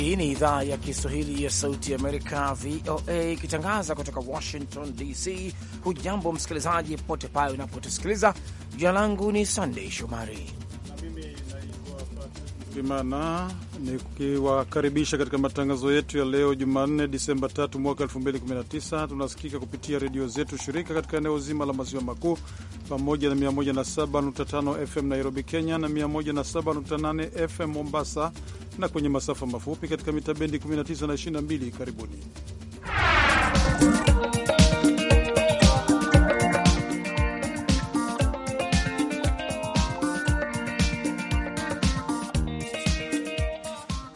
Hii ni idhaa ya Kiswahili ya Sauti ya Amerika, VOA, ikitangaza kutoka Washington DC. Hujambo msikilizaji, popote pale unapotusikiliza. Jina langu ni Sandei Shomari ni nikiwakaribisha katika matangazo yetu ya leo Jumanne, Disemba 3 mwaka 2019. Tunasikika kupitia redio zetu shirika katika eneo zima la maziwa makuu pamoja na 107.5 FM Nairobi, Kenya na 107.8 FM Mombasa, na kwenye masafa mafupi katika mita bendi 19 na 22. Karibuni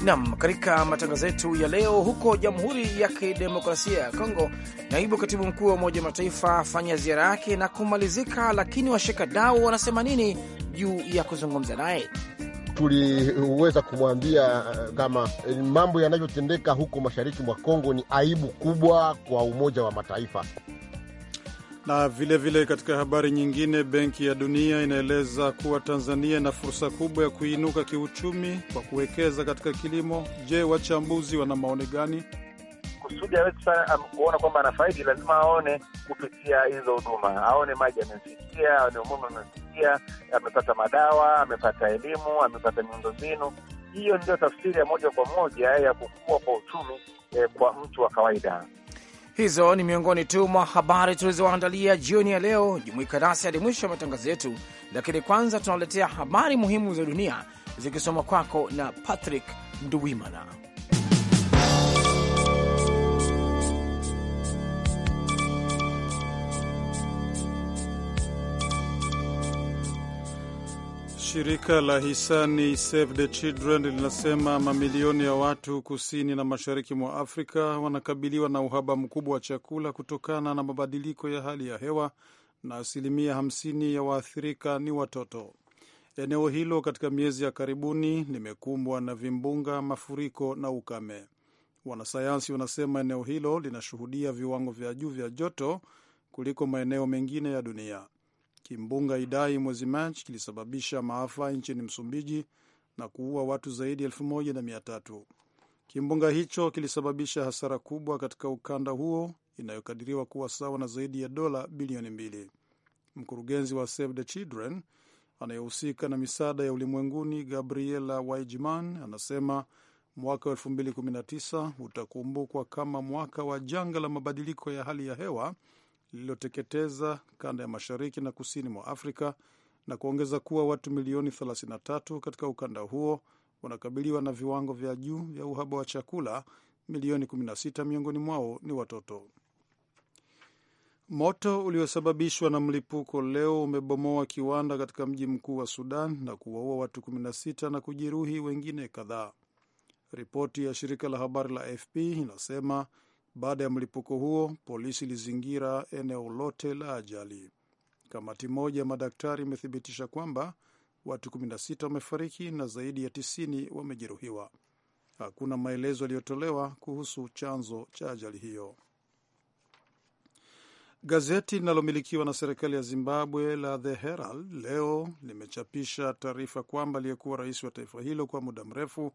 Nam, katika matangazo yetu ya leo, huko Jamhuri ya Kidemokrasia ya Kongo, naibu katibu mkuu wa Umoja Mataifa afanya ziara yake na kumalizika, lakini washikadau wanasema nini juu ya kuzungumza naye? Tuliweza kumwambia eh, kama eh, mambo yanavyotendeka huko mashariki mwa Kongo ni aibu kubwa kwa Umoja wa Mataifa. Na vilevile vile katika habari nyingine, Benki ya Dunia inaeleza kuwa Tanzania ina fursa kubwa ya kuinuka kiuchumi kwa kuwekeza katika kilimo. Je, wachambuzi wana maoni gani? Kusudi awezi sana kuona kwamba anafaidi, lazima aone kupitia hizo huduma, aone maji amemfikia, aone umeme amemfikia, amepata madawa, amepata elimu, amepata miundombinu. Hiyo ndio tafsiri ya moja kwa moja ya kukua kwa uchumi eh, kwa mtu wa kawaida. Hizo ni miongoni tu mwa habari tulizoandalia jioni ya leo. Jumuika nasi hadi mwisho wa matangazo yetu, lakini kwanza tunawaletea habari muhimu za dunia zikisoma kwako na Patrick Nduwimana. Shirika la hisani Save the Children linasema mamilioni ya watu kusini na mashariki mwa Afrika wanakabiliwa na uhaba mkubwa wa chakula kutokana na mabadiliko ya hali ya hewa na asilimia 50 ya waathirika ni watoto. Eneo hilo katika miezi ya karibuni limekumbwa na vimbunga, mafuriko na ukame. Wanasayansi wanasema eneo hilo linashuhudia viwango vya juu vya joto kuliko maeneo mengine ya dunia. Kimbunga Idai mwezi Machi kilisababisha maafa nchini Msumbiji na kuua watu zaidi ya elfu moja na mia tatu. Kimbunga hicho kilisababisha hasara kubwa katika ukanda huo inayokadiriwa kuwa sawa na zaidi ya dola bilioni mbili. Mkurugenzi wa Save the Children anayehusika na misaada ya ulimwenguni Gabriela Wijman anasema mwaka wa 2019 utakumbukwa kama mwaka wa janga la mabadiliko ya hali ya hewa lililoteketeza kanda ya mashariki na kusini mwa Afrika na kuongeza kuwa watu milioni 33 katika ukanda huo wanakabiliwa na viwango vya juu vya uhaba wa chakula, milioni 16 miongoni mwao ni watoto. Moto uliosababishwa na mlipuko leo umebomoa kiwanda katika mji mkuu wa Sudan na kuwaua watu 16 na kujeruhi wengine kadhaa. Ripoti ya shirika la habari la AFP inasema baada ya mlipuko huo, polisi ilizingira eneo lote la ajali. Kamati moja ya madaktari imethibitisha kwamba watu 16 wamefariki na zaidi ya 90 wamejeruhiwa. Hakuna maelezo yaliyotolewa kuhusu chanzo cha ajali hiyo. Gazeti linalomilikiwa na serikali ya Zimbabwe la The Herald leo limechapisha taarifa kwamba aliyekuwa rais wa taifa hilo kwa muda mrefu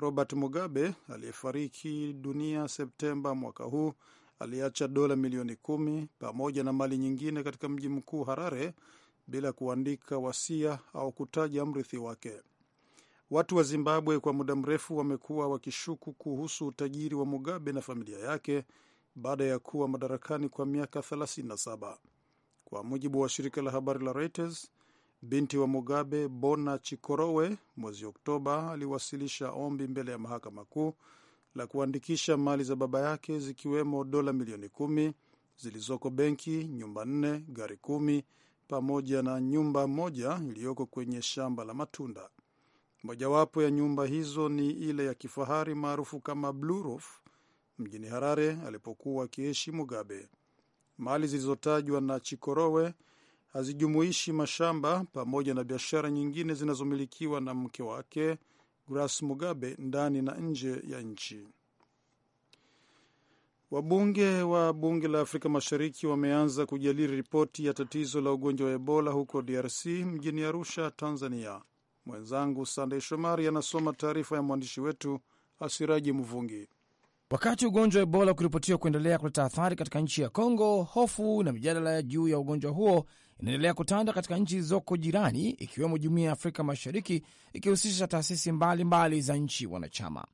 Robert Mugabe aliyefariki dunia Septemba mwaka huu aliacha dola milioni kumi pamoja na mali nyingine katika mji mkuu Harare bila kuandika wasia au kutaja mrithi wake. Watu wa Zimbabwe kwa muda mrefu wamekuwa wakishuku kuhusu utajiri wa Mugabe na familia yake baada ya kuwa madarakani kwa miaka 37. Kwa mujibu wa shirika la habari la Reuters, Binti wa Mugabe, Bona Chikorowe, mwezi Oktoba aliwasilisha ombi mbele ya mahakama kuu la kuandikisha mali za baba yake zikiwemo dola milioni kumi zilizoko benki, nyumba nne, gari kumi pamoja na nyumba moja iliyoko kwenye shamba la matunda. Mojawapo ya nyumba hizo ni ile ya kifahari maarufu kama Blue Roof mjini Harare alipokuwa akiishi Mugabe. Mali zilizotajwa na Chikorowe hazijumuishi mashamba pamoja na biashara nyingine zinazomilikiwa na mke wake Grace Mugabe ndani na nje ya nchi. Wabunge wa bunge la Afrika Mashariki wameanza kujadili ripoti ya tatizo la ugonjwa wa Ebola huko DRC mjini Arusha, Tanzania. Mwenzangu Sandey Shomari anasoma taarifa ya mwandishi wetu Asiraji Mvungi. Wakati ugonjwa wa Ebola ukiripotiwa kuendelea kuleta athari katika nchi ya Kongo, hofu na mijadala juu ya ugonjwa huo inaendelea kutanda katika nchi zilizoko jirani, ikiwemo Jumuiya ya Afrika Mashariki, ikihusisha taasisi mbalimbali za nchi wanachama.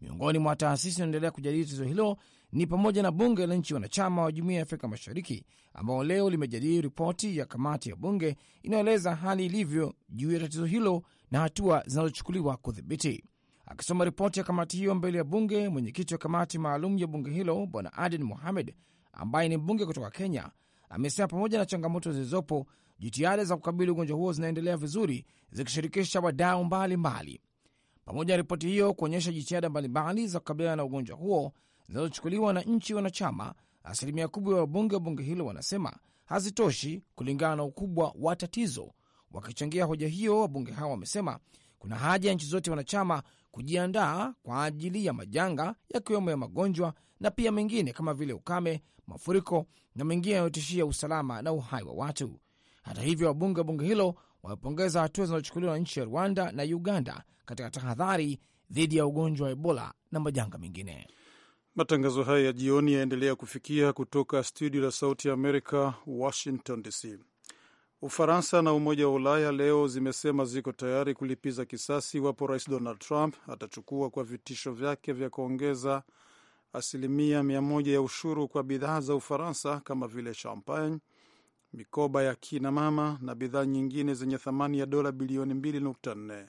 Miongoni mwa taasisi inaendelea kujadili tatizo hilo ni pamoja na bunge la nchi wanachama wa Jumuiya ya Afrika Mashariki, ambao leo limejadili ripoti ya kamati ya bunge inayoeleza hali ilivyo juu ya tatizo hilo na hatua zinazochukuliwa kudhibiti. Akisoma ripoti ya kamati hiyo mbele ya bunge, mwenyekiti wa kamati maalum ya bunge hilo Bwana Aden Mohamed ambaye ni mbunge kutoka Kenya amesema pamoja na changamoto zilizopo, jitihada za kukabili ugonjwa huo zinaendelea vizuri, zikishirikisha wadau mbalimbali. Pamoja na ripoti hiyo kuonyesha jitihada mbalimbali za kukabiliana na ugonjwa huo zinazochukuliwa na nchi wanachama, asilimia kubwa ya wabunge wa bunge hilo wanasema hazitoshi kulingana na ukubwa wa tatizo. Wakichangia hoja hiyo, wabunge hao wamesema kuna haja ya nchi zote wanachama kujiandaa kwa ajili ya majanga yakiwemo ya magonjwa na pia mengine kama vile ukame, mafuriko na mengine yanayotishia usalama na uhai wa watu. Hata hivyo, wabunge wa bunge hilo wamepongeza hatua zinazochukuliwa na nchi ya Rwanda na Uganda katika tahadhari dhidi ya ugonjwa wa Ebola na majanga mengine. Matangazo haya ya jioni yaendelea kufikia kutoka studio la Sauti ya Amerika, Washington DC. Ufaransa na Umoja wa Ulaya leo zimesema ziko tayari kulipiza kisasi iwapo Rais Donald Trump atachukua kwa vitisho vyake vya kuongeza asilimia mia moja ya ushuru kwa bidhaa za Ufaransa kama vile champagne, mikoba ya kina mama na bidhaa nyingine zenye thamani ya dola bilioni 2.4.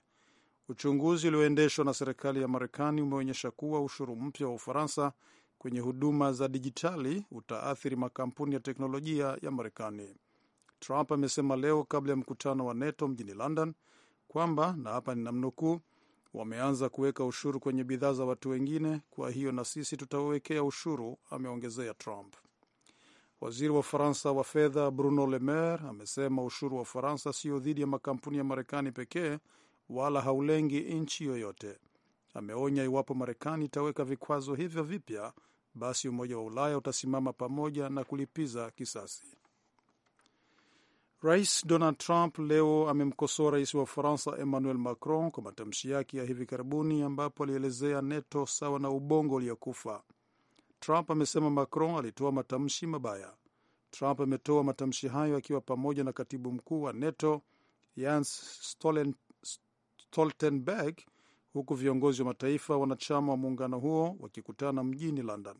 Uchunguzi ulioendeshwa na serikali ya Marekani umeonyesha kuwa ushuru mpya wa Ufaransa kwenye huduma za dijitali utaathiri makampuni ya teknolojia ya Marekani. Trump amesema leo kabla ya mkutano wa NATO mjini London kwamba, na hapa ninamnukuu, wameanza kuweka ushuru kwenye bidhaa za watu wengine, kwa hiyo na sisi tutawawekea ushuru, ameongezea Trump. Waziri wa Ufaransa wa fedha Bruno Le Maire amesema ushuru wa Ufaransa sio dhidi ya makampuni ya Marekani pekee wala haulengi nchi yoyote. Ameonya iwapo Marekani itaweka vikwazo hivyo vipya, basi Umoja wa Ulaya utasimama pamoja na kulipiza kisasi. Rais Donald Trump leo amemkosoa rais wa Ufaransa Emmanuel Macron kwa matamshi yake ya hivi karibuni ambapo alielezea NATO sawa na ubongo uliokufa. Trump amesema Macron alitoa matamshi mabaya. Trump ametoa matamshi hayo akiwa pamoja na katibu mkuu wa NATO Jens Stoltenberg, huku viongozi wa mataifa wanachama wa muungano huo wakikutana mjini London.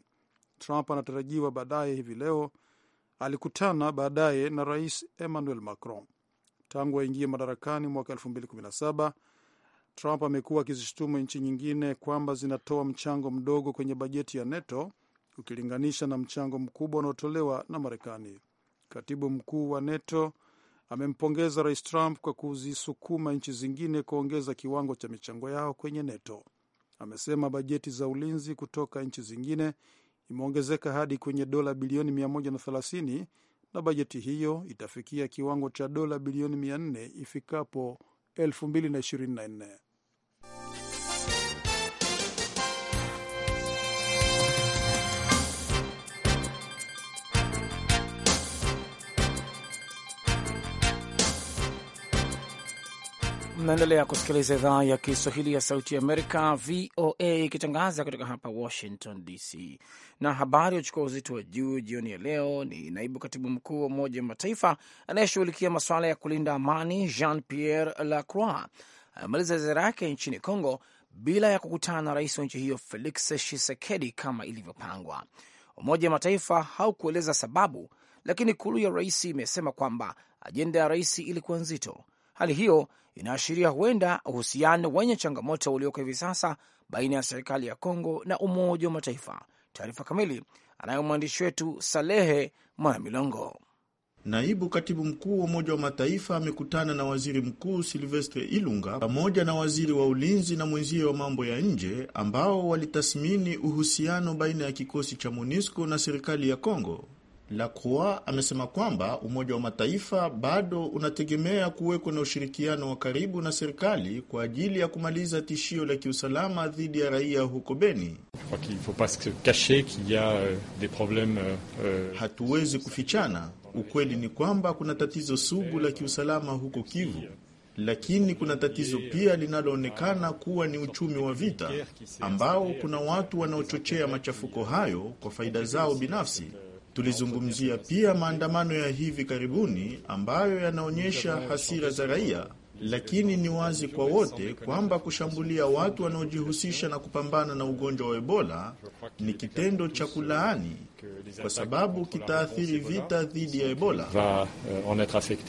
Trump anatarajiwa baadaye hivi leo alikutana baadaye na Rais Emmanuel Macron. Tangu aingie madarakani mwaka 2017 Trump amekuwa akizishutumu nchi nyingine kwamba zinatoa mchango mdogo kwenye bajeti ya NATO ukilinganisha na mchango mkubwa unaotolewa na Marekani. Katibu mkuu wa NATO amempongeza Rais Trump kwa kuzisukuma nchi zingine kuongeza kiwango cha michango yao kwenye NATO. Amesema bajeti za ulinzi kutoka nchi zingine imeongezeka hadi kwenye dola bilioni 130 na bajeti hiyo itafikia kiwango cha dola bilioni 400 ifikapo 2024. Naendelea kusikiliza idhaa ya Kiswahili ya Sauti ya Amerika, VOA, ikitangaza kutoka hapa Washington DC. Na habari uchukua uzito wa juu jioni ya leo ni naibu katibu mkuu wa Umoja wa Mataifa anayeshughulikia masuala ya kulinda amani, Jean Pierre Lacroix, amemaliza ziara yake nchini Congo bila ya kukutana na rais wa nchi hiyo Felix Tshisekedi kama ilivyopangwa. Umoja wa Mataifa haukueleza sababu, lakini kulu ya rais imesema kwamba ajenda ya rais ilikuwa nzito. Hali hiyo inaashiria huenda uhusiano wenye changamoto ulioko hivi sasa baina ya serikali ya Kongo na Umoja wa Mataifa. Taarifa kamili anayo mwandishi wetu Salehe Mwanamilongo. Naibu katibu mkuu wa Umoja wa Mataifa amekutana na waziri mkuu Silvestre Ilunga pamoja na waziri wa ulinzi na mwenzie wa mambo ya nje ambao walitathmini uhusiano baina ya kikosi cha MONUSCO na serikali ya Kongo. Lacroix amesema kwamba Umoja wa Mataifa bado unategemea kuwekwa na ushirikiano wa karibu na serikali kwa ajili ya kumaliza tishio la kiusalama dhidi ya raia huko Beni. Euh, euh, euh, Hatuwezi kufichana, ukweli ni kwamba kuna tatizo sugu la kiusalama huko Kivu, lakini kuna tatizo pia linaloonekana kuwa ni uchumi wa vita ambao kuna watu wanaochochea machafuko hayo kwa faida zao binafsi. Tulizungumzia pia maandamano ya hivi karibuni ambayo yanaonyesha hasira za raia, lakini ni wazi kwa wote kwamba kushambulia watu wanaojihusisha na kupambana na ugonjwa wa Ebola ni kitendo cha kulaani, kwa sababu kitaathiri vita dhidi ya Ebola.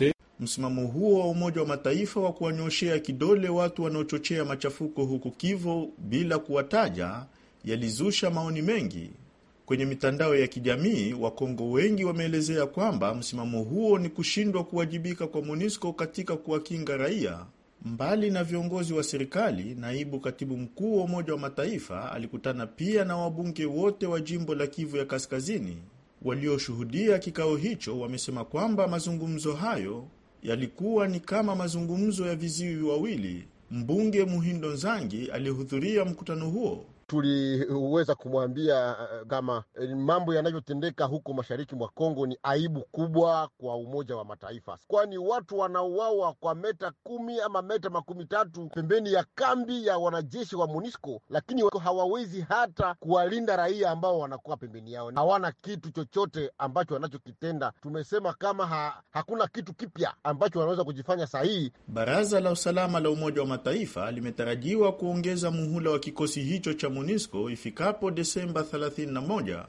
Eh, Msimamo huo wa Umoja wa Mataifa wa kuwanyoshea kidole watu wanaochochea machafuko huku Kivu bila kuwataja yalizusha maoni mengi. Kwenye mitandao ya kijamii, Wakongo wengi wameelezea kwamba msimamo huo ni kushindwa kuwajibika kwa MONUSCO katika kuwakinga raia. Mbali na viongozi wa serikali, naibu katibu mkuu wa Umoja wa Mataifa alikutana pia na wabunge wote wa jimbo la Kivu ya Kaskazini. Walioshuhudia kikao hicho wamesema kwamba mazungumzo hayo yalikuwa ni kama mazungumzo ya viziwi wawili. Mbunge Muhindo Nzangi alihudhuria mkutano huo tuliweza kumwambia eh, kama eh, mambo yanavyotendeka huko mashariki mwa Kongo ni aibu kubwa kwa Umoja wa Mataifa, kwani watu wanauawa kwa meta kumi ama meta makumi tatu pembeni ya kambi ya wanajeshi wa MONUSCO, lakini hawawezi hata kuwalinda raia ambao wanakuwa pembeni yao. Hawana kitu chochote ambacho wanachokitenda. Tumesema kama ha, hakuna kitu kipya ambacho wanaweza kujifanya sahihi. Baraza la Usalama la Umoja wa Mataifa limetarajiwa kuongeza muhula wa kikosi hicho cha MONUSCO ifikapo Desemba 31,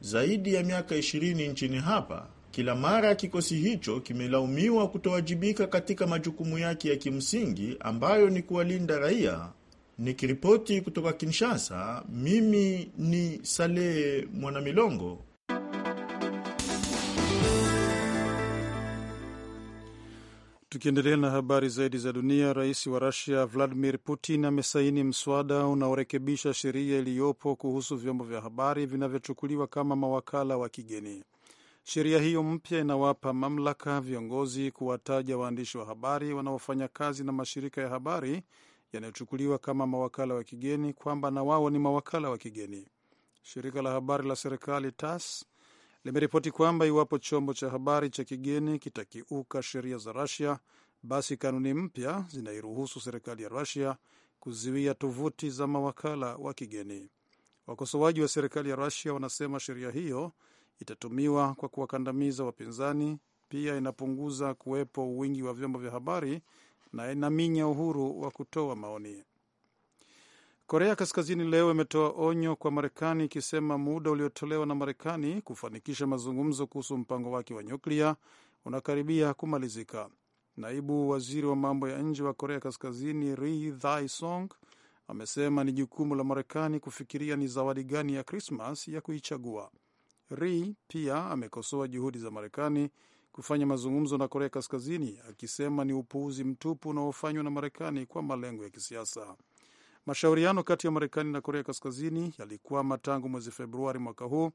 zaidi ya miaka 20 nchini hapa. Kila mara kikosi hicho kimelaumiwa kutowajibika katika majukumu yake ya kimsingi ambayo ni kuwalinda raia. Nikiripoti kutoka Kinshasa, mimi ni Saleh Mwanamilongo. Tukiendelea na habari zaidi za dunia, rais wa Rusia Vladimir Putin amesaini mswada unaorekebisha sheria iliyopo kuhusu vyombo vya habari vinavyochukuliwa kama mawakala wa kigeni. Sheria hiyo mpya inawapa mamlaka viongozi kuwataja waandishi wa habari wanaofanya kazi na mashirika ya habari yanayochukuliwa kama mawakala wa kigeni kwamba na wao ni mawakala wa kigeni. Shirika la habari la serikali TASS limeripoti kwamba iwapo chombo cha habari cha kigeni kitakiuka sheria za Rusia, basi kanuni mpya zinairuhusu serikali ya Rusia kuzuia tovuti za mawakala wa kigeni. Wakosoaji wa serikali ya Rusia wanasema sheria hiyo itatumiwa kwa kuwakandamiza wapinzani, pia inapunguza kuwepo wingi wa vyombo vya habari na inaminya uhuru wa kutoa maoni. Korea Kaskazini leo imetoa onyo kwa Marekani ikisema muda uliotolewa na Marekani kufanikisha mazungumzo kuhusu mpango wake wa nyuklia unakaribia kumalizika. Naibu waziri wa mambo ya nje wa Korea Kaskazini Ri Thae Song amesema ni jukumu la Marekani kufikiria ni zawadi gani ya Krismas ya kuichagua. Ri pia amekosoa juhudi za Marekani kufanya mazungumzo na Korea Kaskazini akisema ni upuuzi mtupu unaofanywa na Marekani kwa malengo ya kisiasa. Mashauriano kati ya Marekani na Korea Kaskazini yalikwama tangu mwezi Februari mwaka huu,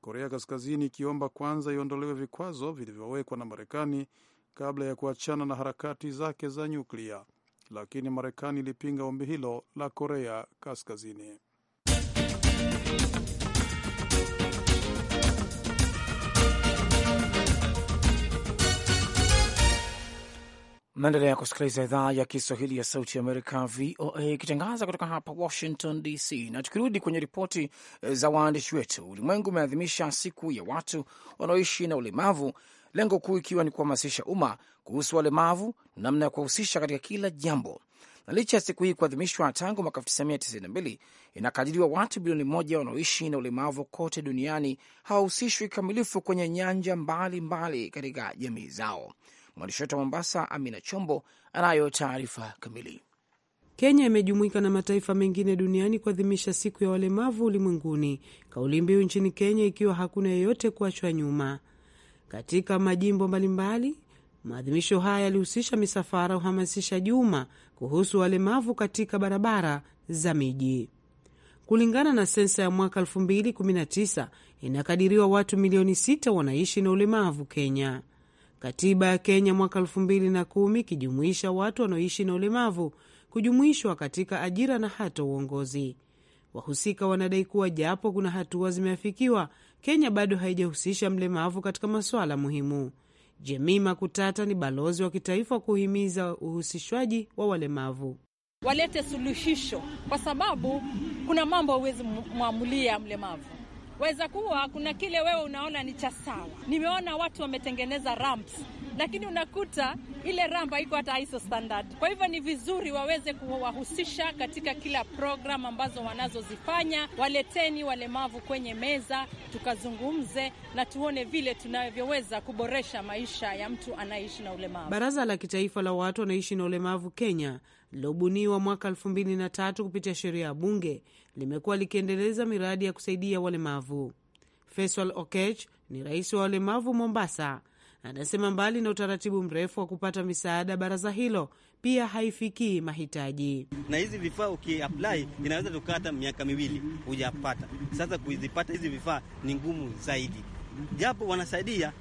Korea Kaskazini ikiomba kwanza iondolewe vikwazo vilivyowekwa na Marekani kabla ya kuachana na harakati zake za nyuklia, lakini Marekani ilipinga ombi hilo la Korea Kaskazini. Naendelea kusikiliza idhaa ya Kiswahili ya Sauti ya Amerika, VOA, ikitangaza kutoka hapa Washington DC. Na tukirudi kwenye ripoti eh, za waandishi wetu, ulimwengu umeadhimisha siku ya watu wanaoishi na ulemavu, lengo kuu ikiwa ni kuhamasisha umma kuhusu walemavu na namna ya kuwahusisha katika kila jambo. Na licha ya siku hii kuadhimishwa tangu mwaka 1992, inakadiriwa watu bilioni moja wanaoishi na ulemavu kote duniani hawahusishwi kikamilifu kwenye nyanja mbalimbali katika jamii zao. Mwandishi wetu wa Mombasa, Amina Chombo, anayo taarifa kamili. Kenya imejumuika na mataifa mengine duniani kuadhimisha siku ya walemavu ulimwenguni, kauli mbiu nchini Kenya ikiwa hakuna yeyote kuachwa nyuma. Katika majimbo mbalimbali, maadhimisho haya yalihusisha misafara huhamasisha juma kuhusu walemavu katika barabara za miji. Kulingana na sensa ya mwaka 2019 inakadiriwa watu milioni 6 wanaishi na ulemavu Kenya. Katiba ya Kenya mwaka elfu mbili na kumi ikijumuisha watu wanaoishi na ulemavu kujumuishwa katika ajira na hata uongozi. Wahusika wanadai kuwa japo kuna hatua zimeafikiwa, Kenya bado haijahusisha mlemavu katika masuala muhimu. Jemima Kutata ni balozi wa kitaifa kuhimiza uhusishwaji wa walemavu. Walete suluhisho, kwa sababu kuna mambo hawezi mwamulia mlemavu weza kuwa kuna kile wewe unaona ni cha sawa. Nimeona watu wametengeneza ramps, lakini unakuta ile ramp haiko hata ISO standard. Kwa hivyo ni vizuri waweze kuwahusisha katika kila programu ambazo wanazozifanya. Waleteni walemavu kwenye meza, tukazungumze na tuone vile tunavyoweza kuboresha maisha ya mtu anayeishi na ulemavu. Baraza la Kitaifa la Watu Wanaishi na Ulemavu Kenya lilobuniwa mwaka elfu mbili na tatu kupitia sheria ya bunge limekuwa likiendeleza miradi ya kusaidia walemavu. Faisal Okech ni rais wa walemavu Mombasa, anasema mbali na utaratibu mrefu wa kupata misaada, baraza hilo pia haifikii mahitaji. Na hizi vifaa ukiapply, inaweza tukata miaka miwili hujapata. Sasa kuzipata hizi vifaa ni ngumu zaidi, japo wanasaidia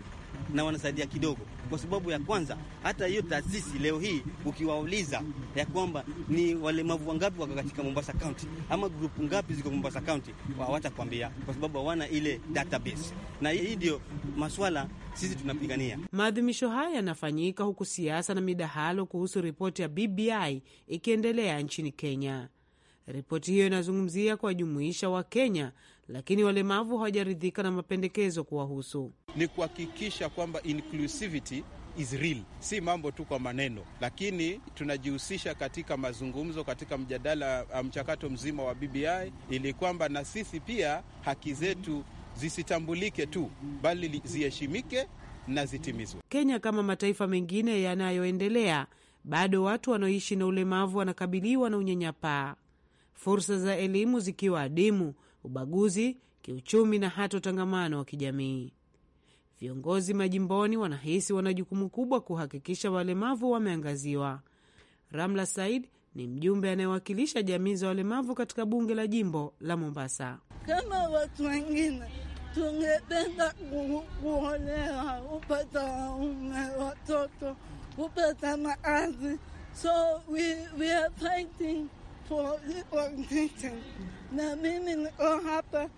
na wanasaidia kidogo, kwa sababu ya kwanza, hata hiyo taasisi leo hii ukiwauliza ya kwamba ni walemavu wangapi wako katika Mombasa County ama grupu ngapi ziko Mombasa County, hawatakwambia kwa sababu hawana ile database, na hii ndio maswala sisi tunapigania. Maadhimisho haya yanafanyika huku siasa na midahalo kuhusu ripoti ya BBI ikiendelea nchini Kenya. Ripoti hiyo inazungumzia kuwajumuisha Wakenya lakini walemavu hawajaridhika na mapendekezo kuwahusu. Ni kuhakikisha kwamba inclusivity is real, si mambo tu kwa maneno, lakini tunajihusisha katika mazungumzo, katika mjadala, um, mchakato mzima wa BBI ili kwamba na sisi pia haki zetu zisitambulike tu, bali ziheshimike na zitimizwe. Kenya kama mataifa mengine yanayoendelea, bado watu wanaoishi na ulemavu wanakabiliwa na unyanyapaa, fursa za elimu zikiwa adimu ubaguzi, kiuchumi na hata utangamano wa kijamii. Viongozi majimboni wanahisi wana jukumu kubwa kuhakikisha walemavu wameangaziwa. Ramla Said ni mjumbe anayewakilisha jamii za walemavu katika bunge la jimbo la Mombasa. Kama watu wengine tungependa kuolewa, upata waume, watoto, upata makazi, so we, we are fighting for na mimi hapa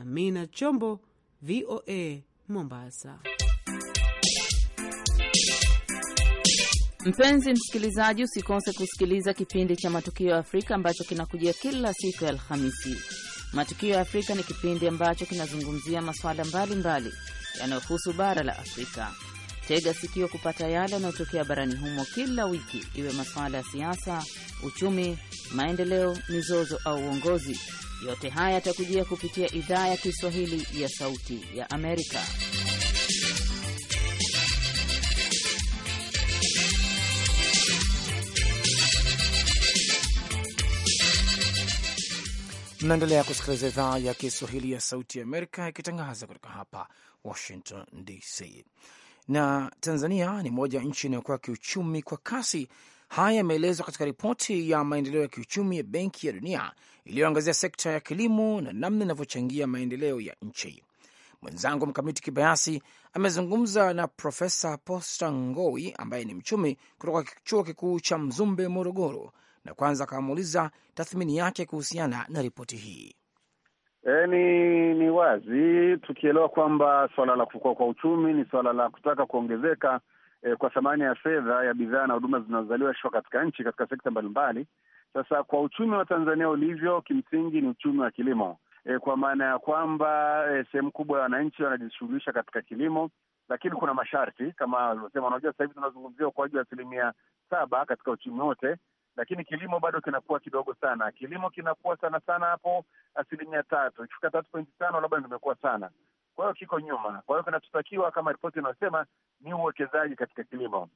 Amina Chombo, VOA, Mombasa. Mpenzi msikilizaji, usikose kusikiliza kipindi cha Matukio ya Afrika ambacho kinakujia kila siku ya Alhamisi. Matukio ya Afrika ni kipindi ambacho kinazungumzia masuala mbalimbali yanayohusu bara la Afrika. Tega sikio kupata yale yanayotokea barani humo kila wiki, iwe masuala ya siasa, uchumi, maendeleo, mizozo au uongozi. Yote haya yatakujia kupitia idhaa ya Kiswahili ya Sauti ya Amerika. Mnaendelea kusikiliza idhaa ya Kiswahili ya Sauti ya Amerika ikitangaza kutoka hapa Washington DC na Tanzania ni moja ya nchi inayokuwa kiuchumi kwa kasi. Haya yameelezwa katika ripoti ya maendeleo ya kiuchumi ya Benki ya Dunia iliyoangazia sekta ya kilimo na namna inavyochangia maendeleo ya nchi. Mwenzangu Mkamiti Kibayasi amezungumza na Profesa Posta Ngowi ambaye ni mchumi kutoka Chuo Kikuu cha Mzumbe, Morogoro, na kwanza akamuuliza tathmini yake kuhusiana na ripoti hii. E, ni ni wazi tukielewa kwamba suala la kukua kwa uchumi ni suala la kutaka kuongezeka e, kwa thamani ya fedha ya bidhaa na huduma zinazozalishwa katika nchi katika sekta mbalimbali. Sasa kwa uchumi wa Tanzania ulivyo, kimsingi ni uchumi wa kilimo e, kwa maana ya kwamba e, sehemu kubwa ya wananchi wanajishughulisha katika kilimo, lakini kuna masharti kama alivyosema. Unajua, sasa hivi tunazungumzia ukuaji wa asilimia saba katika uchumi wote lakini kilimo bado kinakuwa kidogo sana. Kilimo kinakuwa sana sana hapo asilimia tatu, ikifika tatu pointi tano labda nimekuwa sana. Kwa hiyo kiko nyuma. Kwa hiyo kinachotakiwa kama ripoti inayosema ni uwekezaji katika kilimo,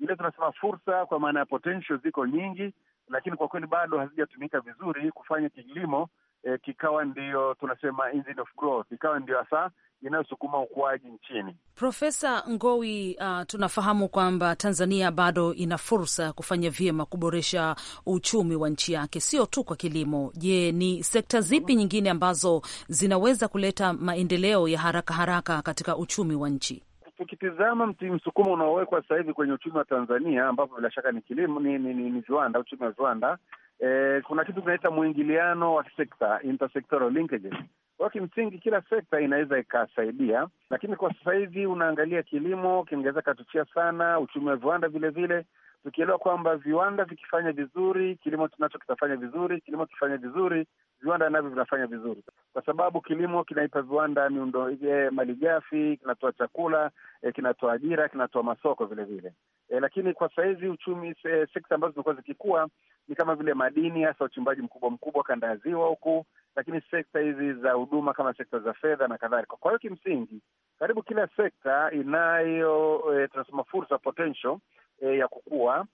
ile tunasema fursa, kwa maana ya potential ziko nyingi, lakini kwa kweli bado hazijatumika vizuri kufanya kilimo e, kikawa ndiyo tunasema engine of growth, ikawa ndiyo hasa inayosukuma ukuaji nchini. Profesa Ngowi, uh, tunafahamu kwamba Tanzania bado ina fursa ya kufanya vyema kuboresha uchumi wa nchi yake, sio tu kwa kilimo. Je, ni sekta zipi nyingine ambazo zinaweza kuleta maendeleo ya haraka haraka katika uchumi wa nchi? Tukitizama msukumo unaowekwa sasa hivi kwenye uchumi wa Tanzania, ambapo bila shaka ni kilimo, ni viwanda, uchumi wa viwanda e, kuna kitu kinaita mwingiliano wa sekta, intersectoral linkages. Kwa kimsingi kila sekta inaweza ikasaidia, lakini kwa sasa hivi unaangalia kilimo kiongeza katuchia sana, uchumi wa viwanda vilevile, tukielewa kwamba viwanda vikifanya vizuri, kilimo tunacho kitafanya vizuri, kilimo kikifanya vizuri, viwanda navyo vinafanya vizuri, kwa sababu kilimo kinaipa viwanda miundo eh, mali gafi kinatoa chakula e, kinatoa ajira, kinatoa masoko vilevile vile. E, lakini kwa sahizi uchumi se, sekta ambazo zimekuwa zikikua ni kama vile madini, hasa uchimbaji mkubwa mkubwa kanda ya ziwa huku, lakini sekta hizi za huduma kama sekta za fedha na kadhalika. Kwa hiyo kimsingi karibu kila sekta inayo e, tunasema fursa potential e, ya kukua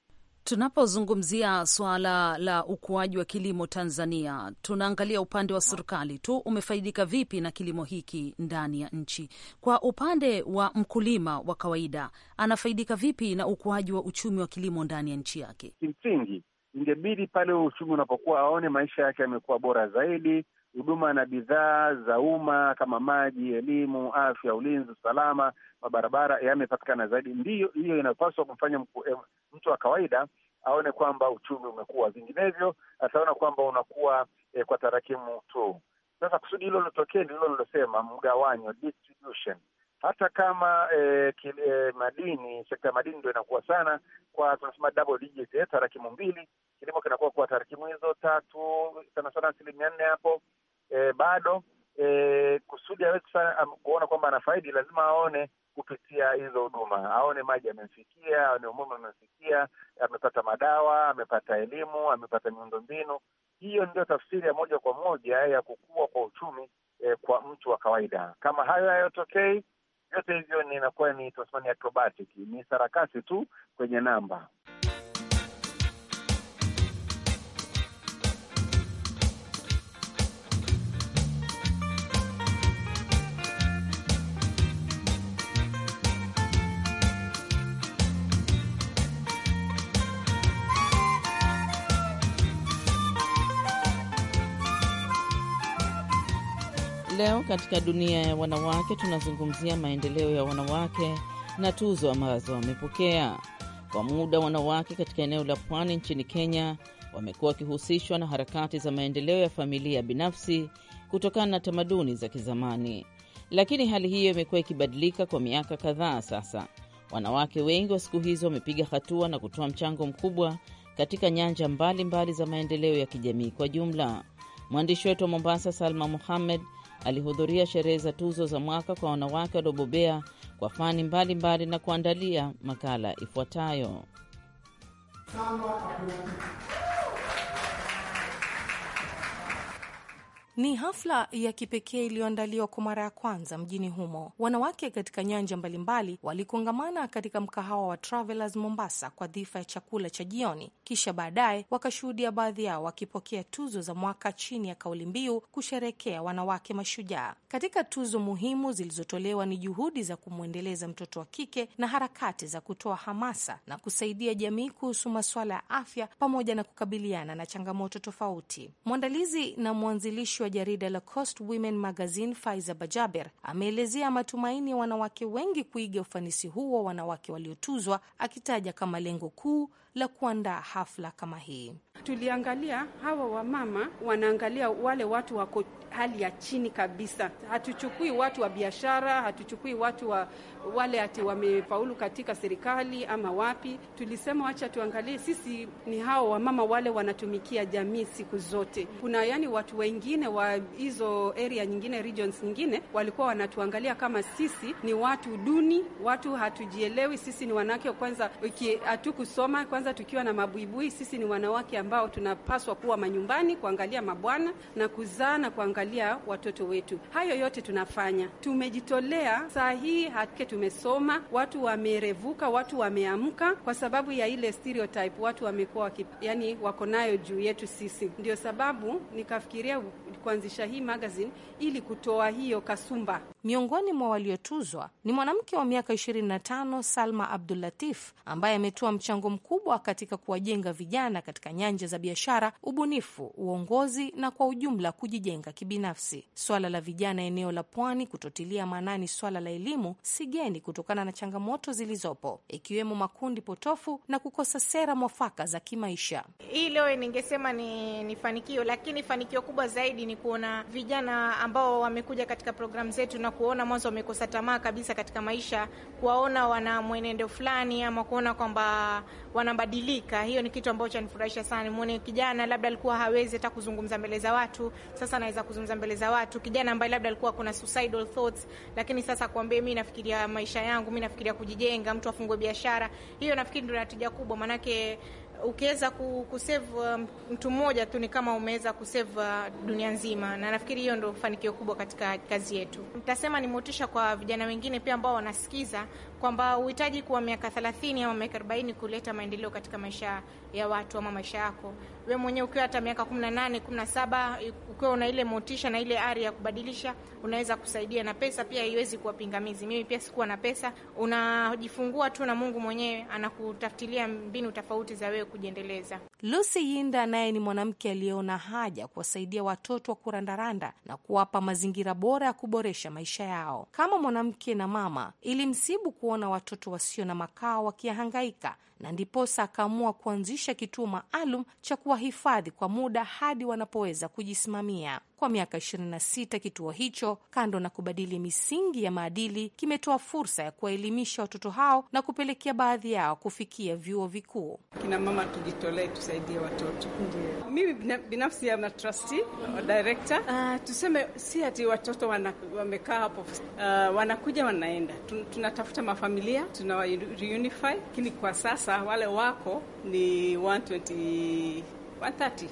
Tunapozungumzia suala la ukuaji wa kilimo Tanzania, tunaangalia upande wa serikali tu, umefaidika vipi na kilimo hiki ndani ya nchi? Kwa upande wa mkulima wa kawaida, anafaidika vipi na ukuaji wa uchumi wa kilimo ndani ya nchi yake? Kimsingi ingebidi pale uchumi unapokuwa aone maisha yake yamekuwa bora zaidi, huduma na bidhaa za umma kama maji, elimu, afya, ulinzi, usalama, mabarabara yamepatikana zaidi. Ndiyo hiyo inapaswa kumfanya eh, mtu wa kawaida aone kwamba uchumi umekuwa, vinginevyo ataona kwamba unakuwa eh, kwa tarakimu tu. Sasa kusudi hilo lilotokea ndilo lilosema mgawanyo, distribution hata kama eh, kile eh, madini, sekta ya madini ndo inakuwa sana kwa tunasema double digit eh, tarakimu mbili. Kilimo kinakuwa kwa tarakimu hizo tatu, sana sana asilimia nne hapo e, bado e, kusudi awezi kuona kwamba anafaidi, lazima aone kupitia hizo huduma, aone maji amemfikia, aone umeme amemfikia, amepata madawa, amepata elimu, amepata miundo mbinu Hiyo ndio tafsiri ya moja kwa moja ya kukua kwa uchumi e, kwa mtu wa kawaida. Kama hayo hayotokei, vyote hivyo inakuwa ni tasmani acrobatic, ni sarakasi tu kwenye namba. leo katika dunia ya wanawake tunazungumzia maendeleo ya wanawake na tuzo ambazo wamepokea. Kwa muda, wanawake katika eneo la pwani nchini Kenya wamekuwa wakihusishwa na harakati za maendeleo ya familia binafsi kutokana na tamaduni za kizamani, lakini hali hiyo imekuwa ikibadilika kwa miaka kadhaa sasa. Wanawake wengi wa siku hizi wamepiga hatua na kutoa mchango mkubwa katika nyanja mbalimbali mbali za maendeleo ya kijamii kwa jumla. Mwandishi wetu wa Mombasa, Salma Muhammed, alihudhuria sherehe za tuzo za mwaka kwa wanawake waliobobea kwa fani mbalimbali mbali na kuandalia makala ifuatayo. Ni hafla ya kipekee iliyoandaliwa kwa mara ya kwanza mjini humo. Wanawake katika nyanja mbalimbali walikongamana katika mkahawa wa Travelers Mombasa kwa dhifa ya chakula cha jioni, kisha baadaye wakashuhudia baadhi yao wakipokea tuzo za mwaka chini ya kauli mbiu kusherekea wanawake mashujaa. Katika tuzo muhimu zilizotolewa ni juhudi za kumwendeleza mtoto wa kike na harakati za kutoa hamasa na kusaidia jamii kuhusu masuala ya afya pamoja na kukabiliana na changamoto tofauti. Mwandalizi na mwanzilishi mwandishi wa jarida la Coast Women Magazine Faiza Bajaber ameelezea matumaini ya wanawake wengi kuiga ufanisi huo wa wanawake waliotuzwa, akitaja kama lengo kuu la kuandaa hafla kama hii. Tuliangalia hawa wamama wanaangalia wale watu wako hali ya chini kabisa. Hatuchukui watu wa biashara, hatuchukui watu wa wale ati wamefaulu katika serikali ama wapi. Tulisema wacha tuangalie sisi ni hao wamama wale wanatumikia jamii siku zote. Kuna yani watu wengine wa hizo area nyingine, regions nyingine, walikuwa wanatuangalia kama sisi ni watu duni, watu hatujielewi, sisi ni wanawake kwanza, hatukusoma kwanza, tukiwa na mabuibui, sisi ni wanawake ambao tunapaswa kuwa manyumbani kuangalia mabwana na kuzaa na kuangalia watoto wetu. Hayo yote tunafanya, tumejitolea. Saa hii hake tumesoma, watu wamerevuka, watu wameamka, kwa sababu ya ile stereotype watu wamekuwa yani wako nayo juu yetu sisi. Ndio sababu nikafikiria kuanzisha hii magazine ili kutoa hiyo kasumba. Miongoni mwa waliotuzwa ni mwanamke wa miaka 25 Salma Abdulatif ambaye ametoa mchango mkubwa katika kuwajenga vijana katika nyanja nyanja za biashara, ubunifu, uongozi na kwa ujumla kujijenga kibinafsi. Swala la vijana eneo la pwani kutotilia maanani swala la elimu si geni kutokana na changamoto zilizopo, ikiwemo makundi potofu na kukosa sera mwafaka za kimaisha. Hii leo ningesema ni, ni fanikio, lakini fanikio kubwa zaidi ni kuona vijana ambao wamekuja katika programu zetu na kuona mwanzo wamekosa tamaa kabisa katika maisha, kuwaona wana mwenendo fulani ama kuona kwamba wanabadilika. Hiyo ni kitu ambacho anifurahisha sana. Nimuone kijana labda alikuwa hawezi hata kuzungumza mbele za watu, sasa anaweza kuzungumza mbele za watu. Kijana ambaye labda alikuwa kuna suicidal thoughts, lakini sasa kuambia mimi nafikiria maisha yangu, mimi nafikiria kujijenga, mtu afungue biashara, hiyo nafikiri ndio natija kubwa, maanake ukiweza kusave um, mtu mmoja tu ni kama umeweza kusave uh, dunia nzima, na nafikiri hiyo ndo fanikio kubwa katika kazi yetu. Nitasema ni motisha kwa vijana wengine pia ambao wanasikiza kwamba uhitaji kuwa miaka 30 ama miaka 40 kuleta maendeleo katika maisha ya watu ama maisha yako wewe mwenyewe. Ukiwa hata miaka 18, 17, ukiwa una ile motisha na ile ari ya kubadilisha, unaweza kusaidia, na pesa pia haiwezi kuwa pingamizi. Mimi pia sikuwa na pesa, unajifungua tu na Mungu mwenyewe anakutafutilia mbinu tofauti za wewe kujiendeleza. Lucy Yinda naye ni mwanamke aliyeona haja kuwasaidia watoto wa kurandaranda na kuwapa mazingira bora ya kuboresha maisha yao. Kama mwanamke na mama, ilimsibu kuwa kuona watoto wasio na makao wakihangaika na ndiposa akaamua kuanzisha kituo maalum cha kuwahifadhi kwa muda hadi wanapoweza kujisimamia. Kwa miaka 26 kituo hicho, kando na kubadili misingi ya maadili, kimetoa fursa ya kuwaelimisha watoto hao na kupelekea baadhi yao kufikia vyuo vikuu. Kina mama tujitolee, tusaidie watoto. Ndiyo. Mimi binafsi ya trustee director, uh, tuseme si ati watoto wana, wamekaa hapo uh, wanakuja wanaenda, tunatafuta mafamilia tunawa reunify, lakini kwa sasa sasa wale wako ni 120, 130.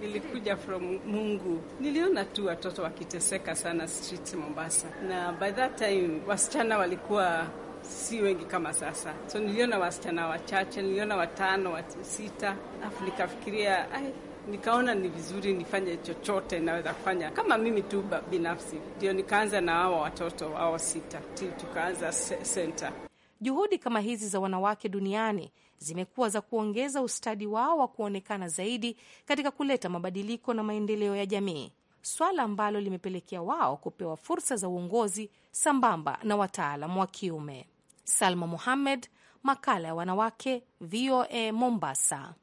Nilikuja from Mungu, niliona tu watoto wakiteseka sana streets Mombasa, na by that time wasichana walikuwa si wengi kama sasa, so niliona wasichana wachache, niliona watano watu sita, alafu nikafikiria ai, nikaona ni vizuri nifanye chochote naweza kufanya kama mimi tu binafsi. Ndio nikaanza na hawa watoto hao sita, tukaanza center. Juhudi kama hizi za wanawake duniani zimekuwa za kuongeza ustadi wao wa kuonekana zaidi katika kuleta mabadiliko na maendeleo ya jamii, swala ambalo limepelekea wao kupewa fursa za uongozi sambamba na wataalam wa kiume. Salma Mohamed, makala ya wanawake, VOA Mombasa.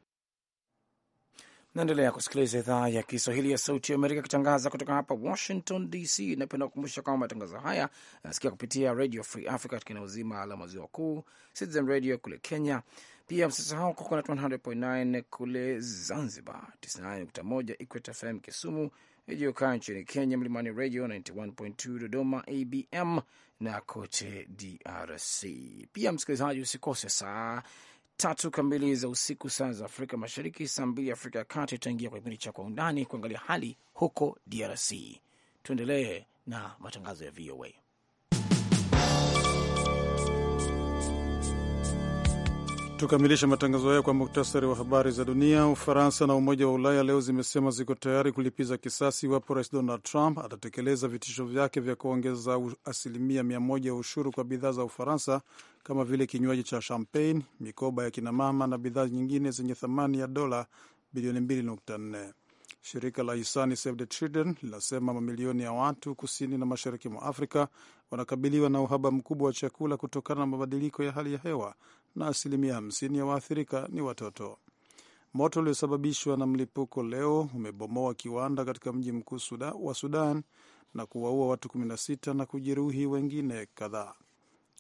Naendelea kusikiliza idhaa ya Kiswahili ya Sauti ya Amerika ikitangaza kutoka hapa Washington DC. Napenda kukumbusha kwamba matangazo haya yanasikia kupitia Radio Free Africa katika eneo zima la maziwa makuu, Citizen Radio kule Kenya, pia msisahau Coconut 100.9 kule Zanzibar, 99.1 Equator FM Kisumu ijiokaa nchini Kenya, Mlimani Radio 91.2 Dodoma ABM na kote DRC. Pia msikilizaji, usikose saa tatu kamili za usiku, saa za Afrika Mashariki, saa mbili Afrika ya Kati. Tutaingia kwa kipindi cha Kwa Undani kuangalia hali huko DRC. Tuendelee na matangazo ya VOA. Tukamilishe matangazo hayo kwa muktasari wa habari za dunia. Ufaransa na Umoja wa Ulaya leo zimesema ziko tayari kulipiza kisasi iwapo Rais Donald Trump atatekeleza vitisho vyake vya kuongeza asilimia mia moja ya ushuru kwa bidhaa za Ufaransa kama vile kinywaji cha champagne, mikoba ya kinamama na bidhaa nyingine zenye thamani ya dola bilioni 2.4. Shirika la hisani Save the Children linasema mamilioni ya watu kusini na mashariki mwa Afrika wanakabiliwa na uhaba mkubwa wa chakula kutokana na mabadiliko ya hali ya hewa na asilimia 50 ya waathirika ni watoto. Moto uliosababishwa na mlipuko leo umebomoa kiwanda katika mji mkuu wa Sudan na kuwaua watu 16 na kujeruhi wengine kadhaa.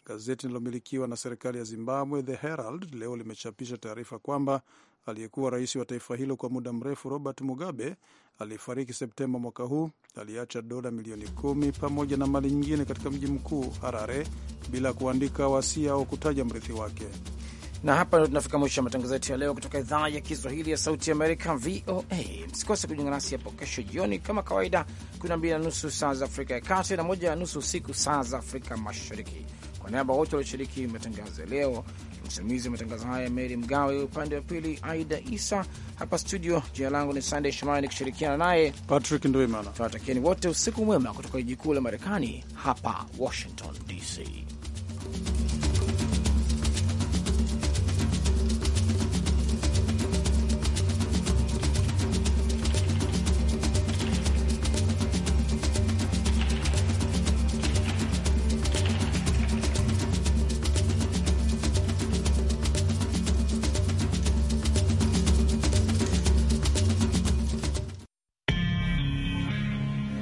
Gazeti linalomilikiwa na serikali ya Zimbabwe, The Herald, leo limechapisha taarifa kwamba aliyekuwa rais wa taifa hilo kwa muda mrefu Robert Mugabe aliyefariki Septemba mwaka huu aliacha dola milioni kumi pamoja na mali nyingine katika mji mkuu Harare bila kuandika wasia au kutaja mrithi wake. Na hapa ndo tunafika mwisho ya matangazo yetu ya leo kutoka idhaa ya Kiswahili ya Sauti Amerika, VOA. Msikose kujiunga nasi hapo kesho jioni kama kawaida, kumi na mbili na nusu saa za Afrika ya Kati na moja na nusu usiku saa za Afrika Mashariki. Kwa niaba wote walioshiriki matangazo ya leo Msimamizi wa matangazo haya mary Mgawe, upande wa pili Aida Isa hapa studio. Jina langu ni Sandey Shomani, kushirikiana naye Patrick Ndwimana. Tunawatakieni wote usiku mwema kutoka jiji kuu la Marekani hapa Washington DC.